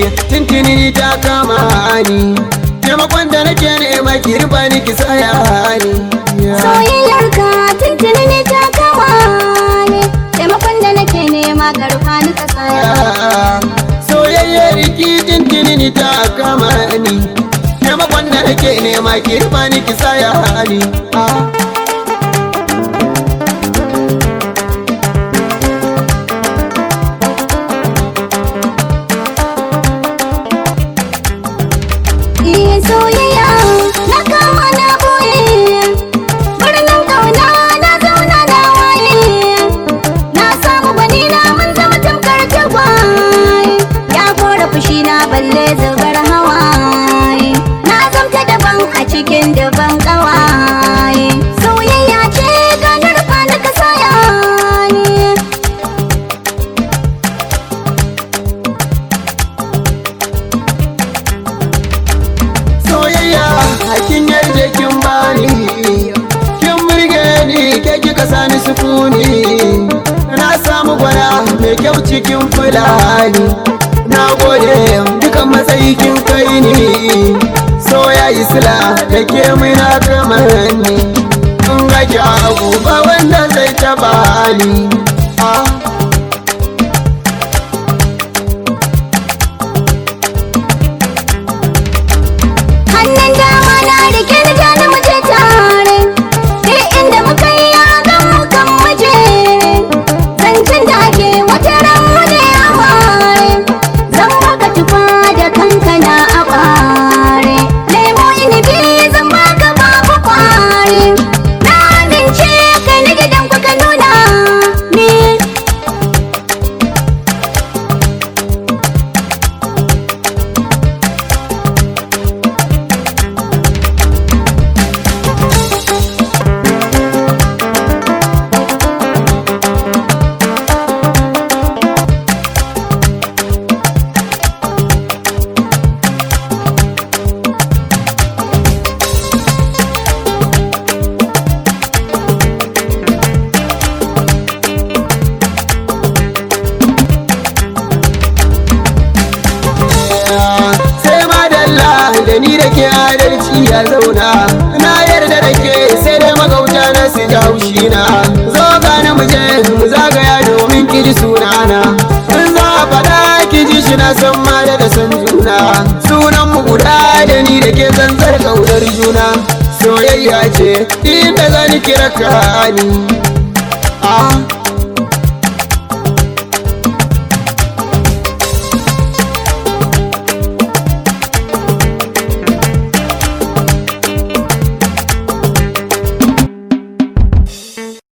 miki tintini ta kama ni taimakon da nake nema ki rufa ni ki saya ni soyayyar ka tintini ne ta kama ni taimakon da nake nema ka rufa ni ka saya soyayyar ki tintini ne ta kama ni taimakon da nake nema ki rufa ni ki saya ni a cikin daban ƙawaye soyayya ce ganar ba ka kasaya ne soyayya hakin yarda kin bani kin murge ni ke kika sani sukuni na samu gwada mai kyau cikin fulani asila da ke muna kamar ni in ga abu ba wanda zai taba ni ni da ke adalci ya zauna na yarda da ke sai dai magauta na su ja haushi na zo ka mu muje mu zagaya domin ki ji sunana in za a faɗa ki ji shi na san ma da san juna sunan mu guda da ni da ke zanzar kaunar juna soyayya ce inda zan kira ka ni ah